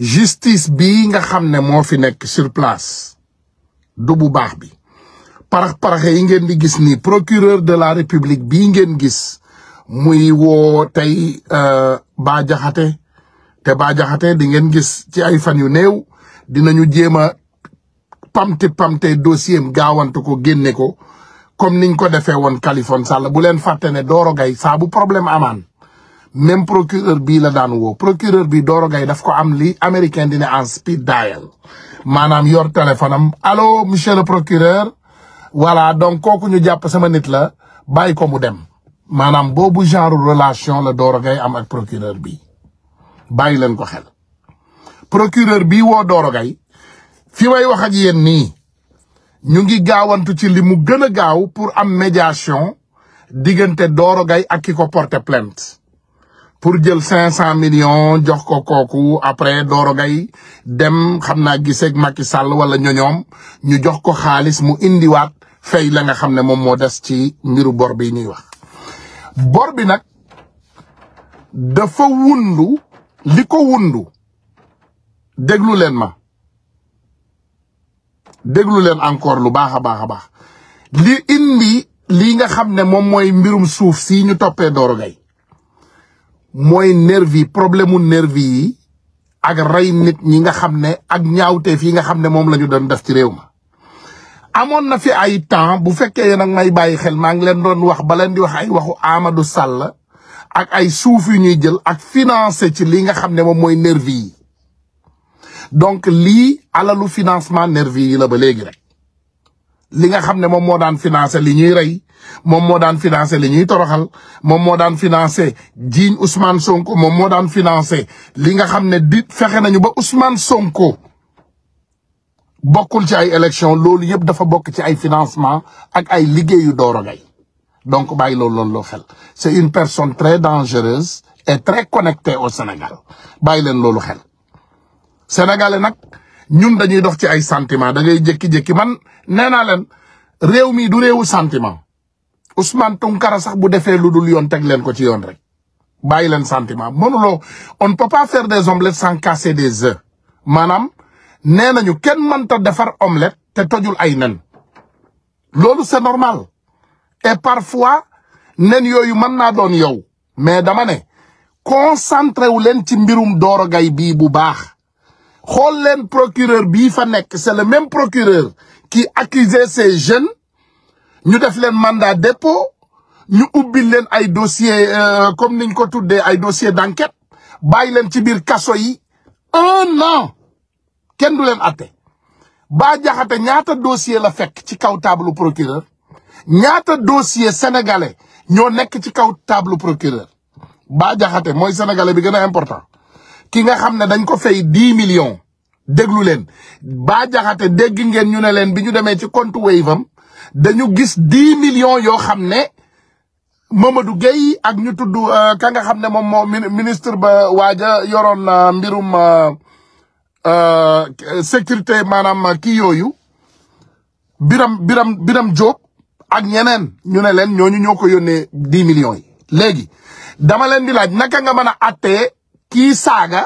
justice bi nga xam ne moo fi nekk sur place du bu baax bi parax paraxe yi ngeen di gis ni procureur de la république bi ngeen gis muy woo tey euh, Bah Diakhaté te Bah Diakhaté di ngeen gis ci ay fan yu néew dinañu jéem a pamte pamte dossier gaawante ko génne ko comme niñ ko defee woon Kalifon Sall bu leen fàtte ne Doro Gaye saa problème amaan même procureur bii la daan woo procureur bi Doro Gaye daf ko am li américain di ne en speed dial maanaam yor téléphone allo monsieur le procureur voilà donc kooku ñu jàpp sama nit la bàyyi ko mu dem maanaam boobu genre relation la dooro gay am ak procureur bi bàyyi leen ko xel procureur bi woo dooro gay fi may wax ak yéen nii ñu ngi gaawantu ci li mu gën a gaaw pour am médiation diggante Doro gay ak ki ko porter plainte pour jël cinq cent millions jox ko kooku après Doro Gaye dem xam naa giseeg Macky Sall wala ñoñoom ñu jox ko xaalis mu indiwaat fay la nga xam ne moom moo des ci mbiru bor bi ñuy wax bor bi nag dafa wundu li ko wundu déglu leen ma déglu leen encore lu baax a baax li indi li nga xam ne moom mooy mbirum suuf si ñu toppee Doro Gaye mooy nervi problème mu nervi yi ak rey nit ñi nga xam ne ak ñaawteef yi nga xam ne moom la ñu doon def ci réew ma. amoon na fi ay temps bu fekkee nag may bàyyi xel maa ngi leen doon wax ba leen di wax ay waxu Amadou Sall ak ay suuf yu ñuy jël ak financé ci li nga xam ne moom mooy nervi yi donc lii alalu financement nervi yi la ba léegi rek. li nga xam ne moom moo daan financé li ñuy rey moom moo daan financé li ñuy toroxal moom moo daan financé jiiñ Ousmane Sonko moom moo daan financé li nga xam ne di fexe nañu ba Ousmane Sonko bokkul ci ay élection loolu yëpp dafa bokk ci ay financement ak ay liggéeyu Doro Gaye donc bàyyi loolu loolu loo xel c'est une personne très dangereuse et très connectée au Sénégal bàyyi leen loolu xel sénégalais nag ñun dañuy dox ci ay sentiment da ngay jékki-jékki man nee naa leen réew mi du réewu sentiment Ousmane Tounkara sax bu defee lu dul yoon teg leen ko ci yoon rek bàyyi leen sentiment mënuloo on ne peut pas faire des omelettes sans casser des œufs maanaam nee nañu kenn mënta defar omelette te tojul ay nen loolu c'est normal et parfois nen yooyu mën naa doon yow mais dama ne concentré wu leen ci mbirum Doro gay bii bu baax xool leen procureur bii fa nekk c'est le même procureur qui accusait ces jeunes ñu def leen mandat dépôt ñu ubbi leen ay dossier euh, comme niñ ko tuddee ay dossier d'enquête bàyyi leen ci biir kaso yi un an kenn du leen atte baa jaxate ñaata dossier la fekk ci kaw table procureur ñaata dossier sénégalais ñoo nekk ci kaw table procureur ba jaxate mooy sénégalais bi gën a important ki nga xam ne dañ ko fay dix million déglu leen Bah Diakhaté dégg ngeen ñu ne leen bi ñu demee ci compte Wave am dañu gis dix million yoo xam ne Mamadou Gueye ak ñu tudd euh, ka nga xam ne moom moo ministre ba waaja yoroon euh, mbirum euh, sécurité maanaam kii yooyu Biram Biram Biram Diop ak ñeneen ñu ne leen ñooñu ñoo ko yónnee dix millions yi léegi dama leen di naka nga mën a attee kii saaga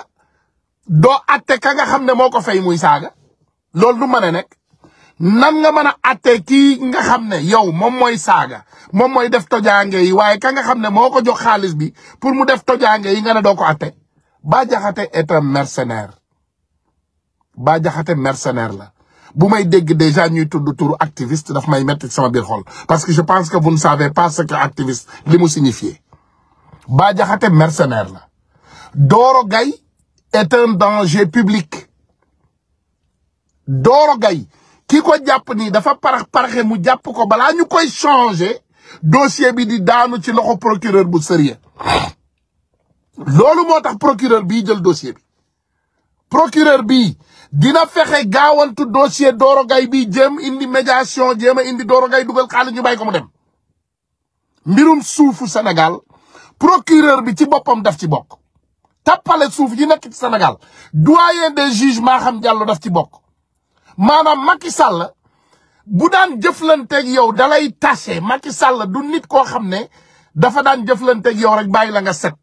doo atte ka nga xam ne moo ko fay muy saaga loolu du mën a nekk nan nga mën a atte kii nga xam ne yow moom mooy saaga moom mooy def tojaange yi waaye ka nga xam ne moo ko jox xaalis bi pour mu def tojaange yi nga ne doo ko atte Bah Diakhaté est un mercenaire Bah Diakhaté mercenaire la bu may dégg déjà ñuy tudd turu activiste daf may metti sama biir xol parce que je pense que vous ne savez pas ce que activiste li mu signifie Bah Diakhaté mercenaire la dooro Gaye est un danger public dooro gay ki ko jàpp nii dafa parax paraxe mu jàpp ko balaa ñu koy changer dossier bi di daanu ci loxo procureur bu sérieux loolu moo tax procureur bi jël dossier bi procureur bii dina fexe gaawantu dossier dooro Gaye bi jéem indi médiation jéem a indi dooro gay dugal xaalis ñu bàyyi ko mu dem mbirum suufu Sénégal procureur bi ci boppam daf ci bokk tappale suuf yi nekk senegal Sénégal doyen des juges Maham Diallo daf ci bokk maanaam Macky Sall bu daan jëflanteeg yow dalay tase Macky Sall du nit koo xam ne dafa daan jëflanteeg yow rek bàyyi la nga set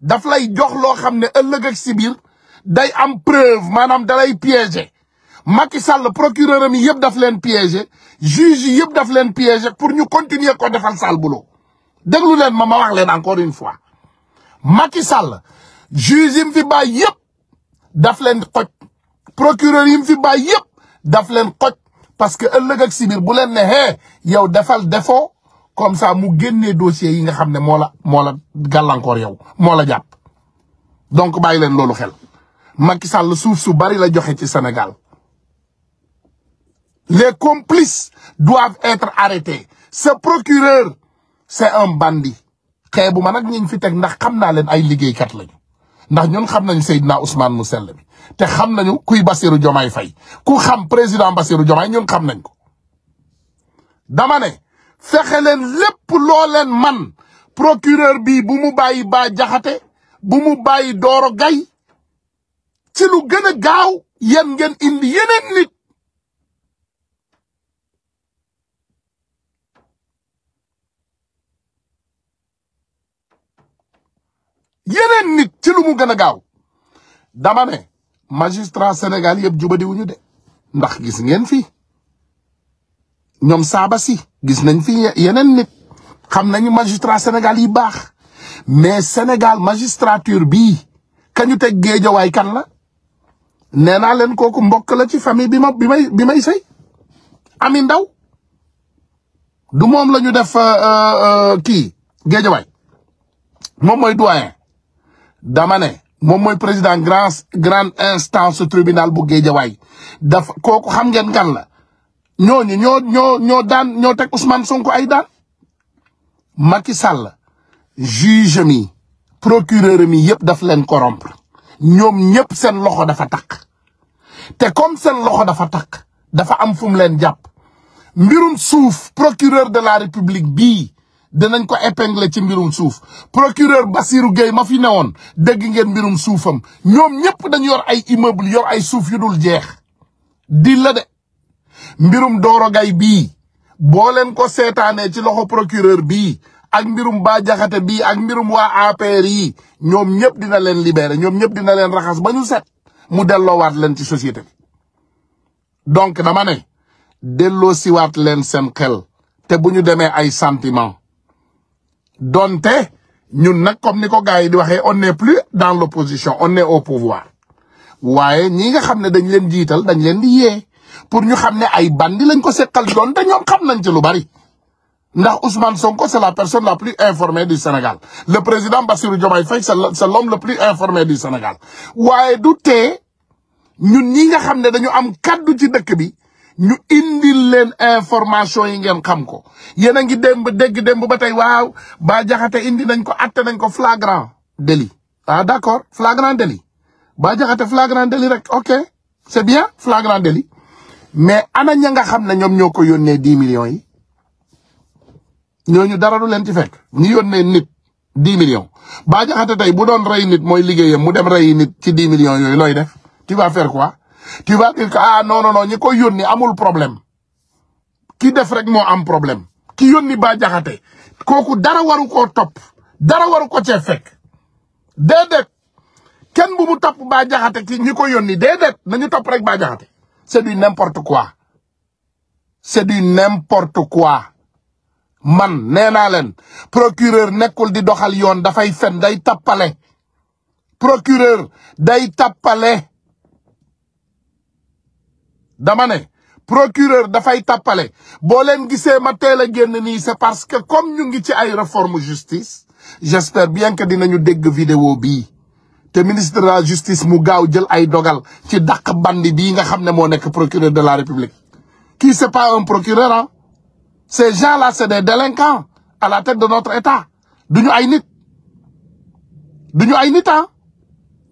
daf lay jox loo xam ne ëllëg ak si biir day am preuve maanaam dalay piéger makki Sall procureur am yëpp daf leen piéger juge yi yëpp daf leen piéger pour ñu continuer ko defal sale boulot déglu leen ma ma wax leen encore une fois Macky Sall juge yi mu fi bàyyi yëpp daf leen xoj procureur yi fi bàyyi yëpp daf leen xoj parce que ëllëg ak si bu leen ne hee yow defal defo comme ça mu génnee dossier yi nga xam ne moo la moo la gàllankoor yow moo la jàpp donc bàyyi leen loolu xel Macky Sall suuf su bari la joxe ci Sénégal les complices doivent être arrêtés ce procureur c'est un bandit xeebu bu man ñi ñu fi teg ndax xam naa leen ay liggéeykat lañu ndax ñun xam nañ Seydina Ousmane mu sell te xam nañu kuy Bassirou Diomaye fay ku xam président Bassirou Diomaye ñun xam nañ ko dama ne fexe leen lépp looleen man procureur bi bu mu bàyyi Bah Diakhaté bu mu bàyyi Doro Gaye ci lu gën gaaw yéen ngeen indi yeneen nit yeneen nit lu mu gën a gaaw dama ne magistrat Sénégal yëpp jubadiwuñu de ndax gis ngeen fii ñoom saaba si gis nañ fi yeneen nit xam nañu magistrat Sénégal yi baax mais Sénégal magistrature bii kañu teg géejawaay kan la nee naa leen kooku mbokk la ci famille bi ma bi may bi may sëy ami ndaw du moom la ñu def euh, euh, kii géejawaay moom mooy doyen damane ne moom mooy président grand grande instance tribunal bu Guédiawaye dafa kooku xam ngeen kan la ñooñu ñoo ñoo ñoo daan ñoo teg Ousmane Sonko ay daan Macky Sall juge mi procureur mi yëpp daf leen corrompre ñoom ñëpp seen loxo dafa takk te comme seen loxo dafa takk dafa am fu leen jàpp mbirum suuf procureur de la république bii danañ ko épingler ci mbirum suuf procureur Bassirou Gueye ma fi newoon dégg ngeen mbirum suufam ñoom ñëpp dañu yor ay immeuble yor ay suuf yu dul jeex di la de mbirum Doro Gaye bii boo leen ko seetaanee ci loxo procureur bii ak mbirum Bah Diakhaté bii ak mbirum waa APR yi ñoom ñëpp dina leen libérer ñoom ñëpp dina leen raxas ba ñu set mu delloowaat leen ci société bi donc dama ne delloo siwaat leen seen xel te bu ñu demee ay sentiment donte ñun nag comme ni ko gars yi di waxee on ne plus dans l'opposition on est au pouvoir waaye ñi nga xam ne dañ leen jiital dañ leen di yee pour ñu xam ne ay bandi lañ ko seqal donte ñoom xam nañ ci lu bari. ndax Ousmane Sonko c'est la personne la plus informée du Sénégal le président Bassirou Diomaye Faye c'est l'homme le plus informé du Sénégal waaye du tee ñun ñii nga xam ne dañu am kaddu ci dëkk bi ñu indil leen information yi ngeen xam ko yéen a ngi démb dégg démb ba tey waaw ba jaxate indi nañ ko atte nañ ko flagrant délit ah d'accord flagrant délit ba jaxate flagrant délit rek ok c'est bien flagrant délit mais ana ña nga xam ne ñoom ñoo ko yónnee dix millions yi ñu dara du leen ci fekk ñu yónnee nit dix millions ba jaxate tey bu doon rey nit mooy liggéeyam mu dem rey nit ci dix millions yooyu looy def tu vas faire quoi tu vas dire que ah ñi koy yónni amul problème ki def rek moo am problème ki yónni ba jaxate kooku dara waru koo top dara waru ko cee fekk déedéet kenn bu mu topp ba jaxate ci ñi ko yónni déedéet nañu top rek ba jaxate c'est du n'importe quoi c'est du n'importe quoi man nee naa leen procureur nekkul di doxal yoon dafay fen day tappale procureur day tappale dama ne procureur dafay tàppale boo leen gisee ma teel a génn nii c'est parce que comme ñu ngi ci ay réforme justice j'espère bien que dinañu dégg vidéo bii te ministre de la justice mu gaaw jël ay dogal ci daq bandi bii nga xam ne moo nekk procureur de la république kii c'est pas un procureur ah ces gens-là c'est des délinquants à la tête de notre état ñu ay nit duñu ay nit ah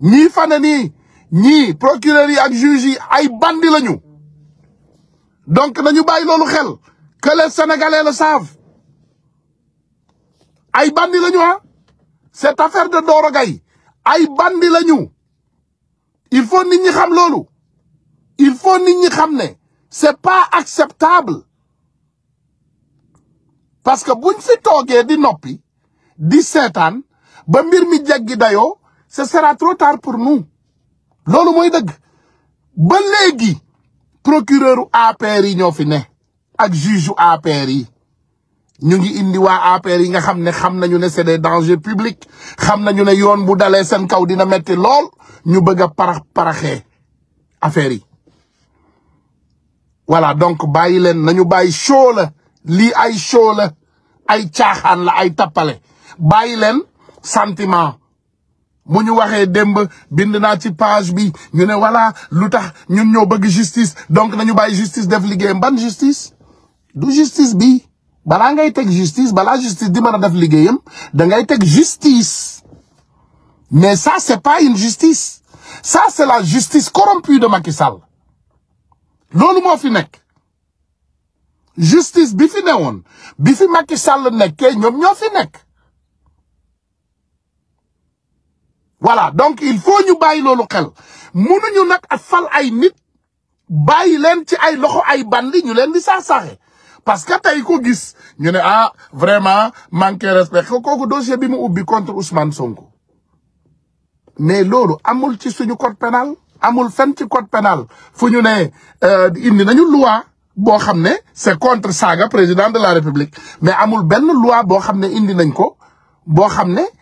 ñii fane nii ñii procureur yi ak juge yi ay bandi lañu donc nañu bàyyi loolu xel que les sénégalais le savent ay bandi lañu ah cette affaire de Doro Gaye ay bandi il faut nit ñi xam loolu il faut nit ñi xam ne c'est pas acceptable parce que buñ fi toogee di noppi di seetaan ba mbir mi jeggi dayoo ce sera trop tard pour nous loolu mooy dëgg ba léegi. procureur APR yi ñoo fi ne ak juge APR yi ñu ngi indi waa APR yi nga xam ne xam nañu ne c'est des dangers publics xam nañu ne yoon bu dalee seen kaw dina metti lool ñu bëgg a parax paraxee affaire yi. voilà donc bàyyi leen nañu bàyyi show la lii ay show ay caaxaan la ay tappale bàyyi leen sentiment mu ñu waxee démb bind naa ci page bi ñu ne voilà lu tax ñun ñoo bëgg justice donc nañu bàyyi justice def liggéeyam ban justice du justice bi balaa ngay teg justice balaa justice di mën a def liggéeyam da ngay teg justice mais ça c'est pas une justice ça c'est la justice corrompue de Macky Sall loolu moo fi nekk justice bi fi newoon bi fi Macky Sall nekkee ñoom ñoo fi nekk voilà donc il faut ñu bàyyi loolu xel mënuñu nag ak fal ay nit bàyyi leen ci ay loxo ay bandi ñu leen di saax-saaxe parce que tey ko gis ñu ne ah vraiment manqué respect ko kooku dossier bi mu ubbi contre Ousmane Sonko mais loolu amul ci suñu code pénal amul fenn ci code pénal fu ñu ne euh, indi nañu loi boo xam ne c'est contre saaga président de la république mais amul benn loi boo xam ne indi nañ ko boo xam ne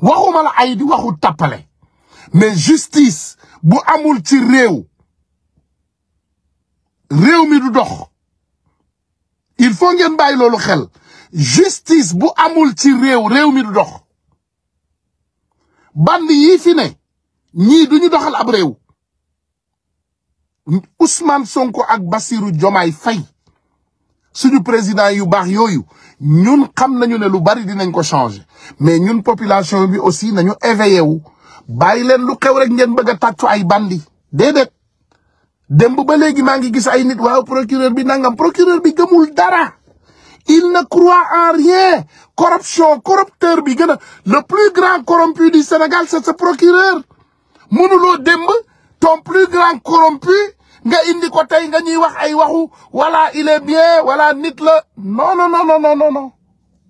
waxuma la ay di waxu tappale mais justice bu amul ci réew réew mi du dox il faut ngeen bàyyi loolu xel justice bu amul ci réew réew mi du dox band yii fi ne ñii duñu doxal ab réew usmaan Sonko ak Bassirou Diomaye Faye suñu président yu baax yooyu ñun xam nañu ne lu bari dinañ ko changer mais ñun population bi aussi nañu éveillé wu bàyyi leen lu xew rek ngeen bëgg a ay bandi déedéet démb ba léegi maa ngi gis ay nit waaw procureur bi nangam procureur bi gëmul dara il ne croit en rien corruption corrupteur bi gën a le plus grand corrompu du Sénégal sa ce procureur mënuloo démb ton plus grand corrompu nga indi ko tey nga ñuy wax ay waxu wala il est wala nit la non non non non non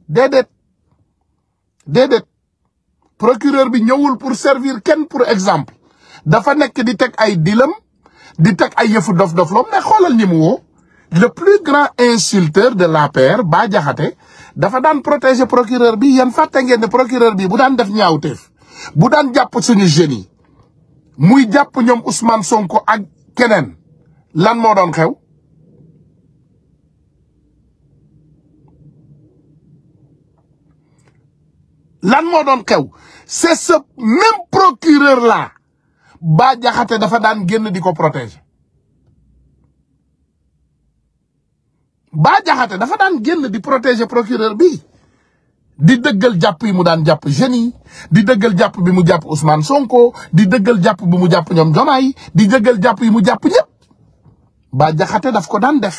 déedéet déedéet procureur bi ñëwul pour servir kenn pour exemple dafa nekk di teg ay dilam di teg ay yëfu dof-dof loom mais xoolal ñi mu woo le plus grand insulteur de l'APR Bah Diakhaté dafa daan protéger procureur bi yéen fàtte ngeen ne procureur bi bu daan def ñaawteef bu daan jàpp suñu jeunes yi muy jàpp ñoom Ousmane Sonko ak keneen lan moo doon xew lan moo doon xew c'est ce même procureur là Bah Diakhaté dafa daan génn di ko protéger Bah Diakhaté dafa daan génn di protéger procureur bi di dëggal jàpp yi mu daan jàpp jeunes yi di dëggal jàpp bi mu jàpp Ousmane Sonko di dëggal jàpp bi mu jàpp ñoom Diomaye di dëggal jàpp yi mu jàpp ñëpp ba jaxate daf ko daan def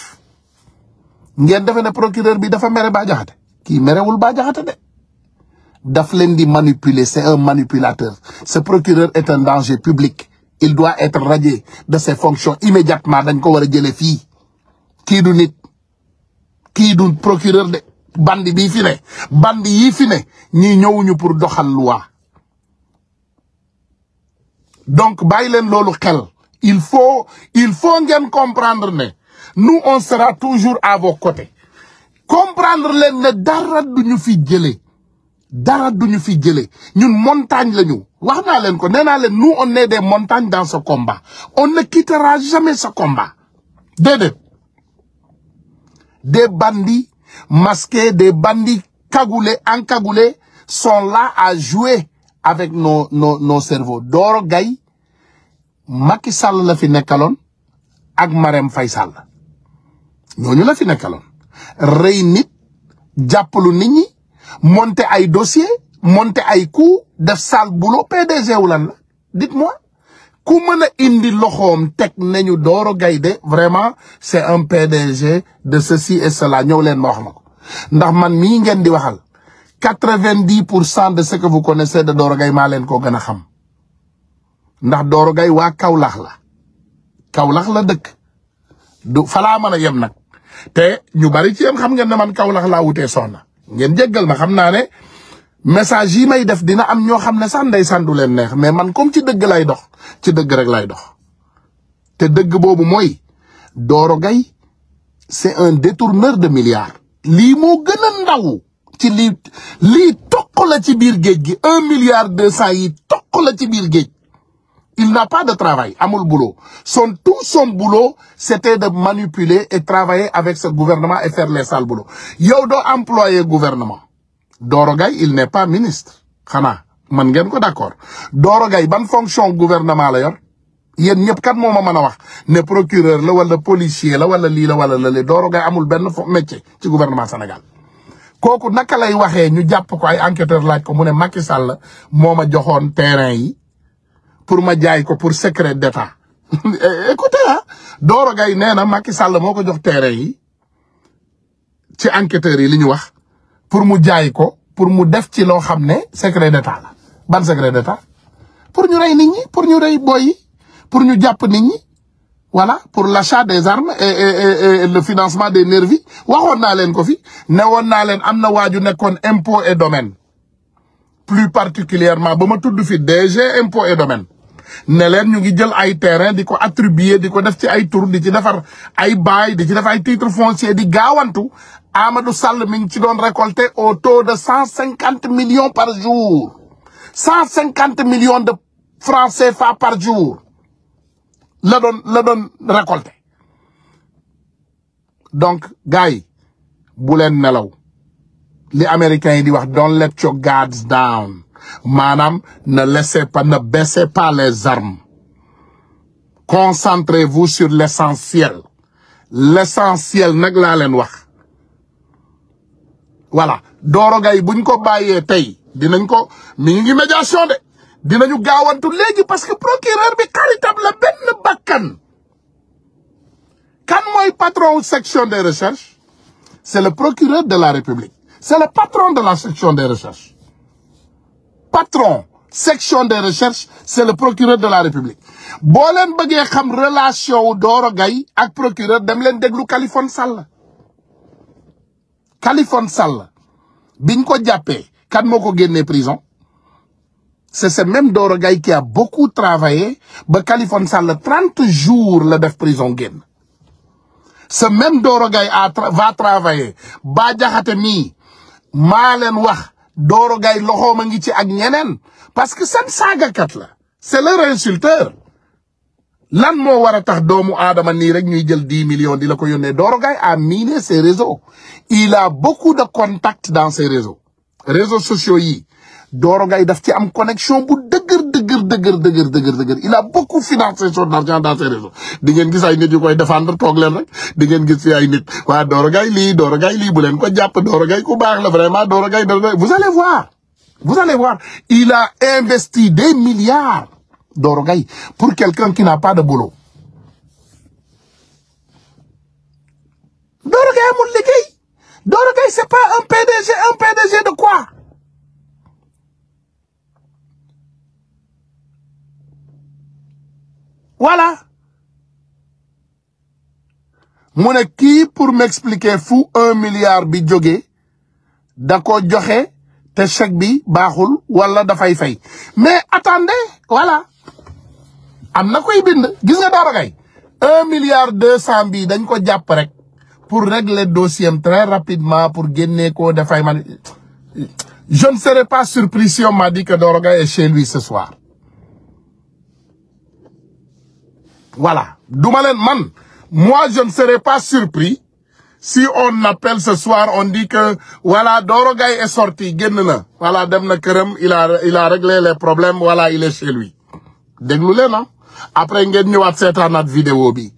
ngeen defe ne procureur bi dafa mere ba jaxate kii merewul ba jaxate de daf leen di manipuler c'est un manipulateur ce procureur est un danger public il doit être radié de ses fonctions immédiatement dañ ko war a jëlee fii kii du kii du procureur de band bii fi ne bandi yii fi ne ñii ñëwuñu pour doxal loi donc bàyyi leen loolu xel il faut il faut ngeen comprendre ne nu on sera toujours à vos côtés comprendre leen ne dara duñu fi jëlee dara duñu fi jëlee ñun montagne la ñu wax naa leen ko nee leen nous on est des montagnes dans ce combat on ne quittera jamais ce combat déedéet des bandits masqués des bandits cagoulés encagoulés sont la à jouer avec nos nos nos cerveaux Gaye Macky Sall la fi nekkaloon ak Marème Faye Sall ñooñu la fi nekkaloon rey nit jàppalu nit ñi monter ay dossier monter ay ku def sale boulot PDG wu lan la dites-moi ku mën a indi loxoom teg nañu Doro Gaydé vraiment c'est un PDG de ceci et cela ñëw leen ma wax ma ko ndax man mii ngeen di waxal quatre-vingt-dix pour cent de ce que vous connaissez de Doro ma leen koo gën a xam ndax Doro Gaye waa Kaolack la Kaolack la dëkk du falaa mën yem nag te ñu bari ci yem xam ngeen ne man Kaolack laa wutee soxna ngeen jéggal ma xam naa ne message yi may def dina am ñoo xam ne sax ndeysaan du leen neex mais man comme ci dëgg lay dox ci dëgg rek lay dox te dëgg boobu mooy Doro Gaye c'est un détourneur de milliards lii moo gën a ndaw ci li lii toq ci biir géej gi un milliard deux cent yi toq la ci biir géej Il n'a pas de travail, amul boulot. Son, tout son boulot, c'était de manipuler et travailler avec ce gouvernement et faire les sales boulots. yow doo employé gouvernement. Doro il n'est pas ministre. xanaa man ngeen ko d'accord Doro Gaye ban fonction gouvernement la yor yéen ñëpp kat moo ma mën a wax ne procureur la wala policier la wala lii la wala lale Doro Gaye amul benn métier ci gouvernement Sénégal. kooku naka lay waxee ñu jàpp ko ay enquêteur laaj ko mu ne Macky Sall moo ma joxoon terrain yi. pour ma jaay ko pour secret d'état eh, écoutez ah Doro Gaye nee na Macky Sall moo ko jox terrain yi ci enquêteurs yi li ñu wax pour mu jaay ko pour mu def ci loo xam ne secret d'état la ban secret d'état pour ñu rey nit ñi pour ñu rey boy yi pour ñu jàpp ni ñi voilà pour l'achat des armes et, et, le financement des nervis waxoon naa leen ko fi ne woon naa leen am na waaju nekkoon impôt et domaine plus particulièrement ba ma tudd fi DG impôt et domaine ne leen ñu ngi jël ay terrain di ko attribuer di ko def ci ay tur di ci defar ay bail di ci def ay titre foncier di gaawantu Amadou salle mi ngi ci doon récolter au taux de cent cinquante millions par jour cent cinquante millions de francs CFA par jour la doon la doon récolter donc gars yi bu leen nelaw li américains yi di wax don't let your guards down maanaam ne laissez pas ne baissez pas les armes concentrez-vous sur l'essentiel l'essentiel nag laa leen wax voilà Doro bu buñ ko bàyyee tey dinañ ko mi ngi médiation de dinañu gaawantu léegi parce que procureur bi charitable la benn bakkan kan mooy patron section des recherches c'est le procureur de la République c'est le patron de la section des recherches patron section des recherches c'est le procureur de la république boo leen bëggee xam relation wu Doro Gaye ak procureur dem leen déglu Kalifone Sall Kalifone Sall biñ ko jàppee kan moo ko génnee prison c'est ce même Doro Gaye qui a beaucoup travaillé ba Kalifone Sall trente jours la def prison génn ce même Doro Gaye a va travailler ba jaxate mii maa leen wax Doro Gaye loxoom a ngi ci ak ñeneen parce que seen saagakat la c'est leur insulteur lan moo war a tax doomu aadama nii rek ñuy jël dix million di la ko yónnee Doro Gaye a miné ses réseaux il a beaucoup de contacts dans ses réseaux réseaux sociaux yi door Gaye daf ci am connexion bu dëgër dëgër dëgër dëgër dëgër dëgër il a beaucoup financé son argent dans ses réseaux di ngeen gis ay nit yu koy défendre toog leen rek di ngeen gis fi ay nit waa door Gaye lii Doro Gaye lii bu leen ko jàpp Doro Gaye ku baax la vraiment Doro Gaye Doro Gaye vous allez voir vous allez voir il a investi des milliards Doro Gaye pour quelqu'un qui n'a pas de boulot Doro Gaye amul liggéey Doro Gaye c'est pas un PDG un PDG de quoi voilà mu ne kii pour m'expliquer fu un milliard bi jógee da ko joxe te chèque bi baaxul wala dafay fay mais attendez wala am na koy bind gis nga Doro Gaye un milliard deux cent bi dañ ko jàpp rek pour régler dossier am très rapidement pour génne ko dafay man je ne serais pas surpris si on m'a dit que Doro Gaye est chez lui ce soir voilà duma leen man moi je ne serais pas surpris si on appelle ce soir on dit que voilà Doro Gaye sorti génn na voilà dem na këram il a il a réglé les problèmes voilà il est chez lui déglu leen ah après ngeen ñëwaat nat vidéo bi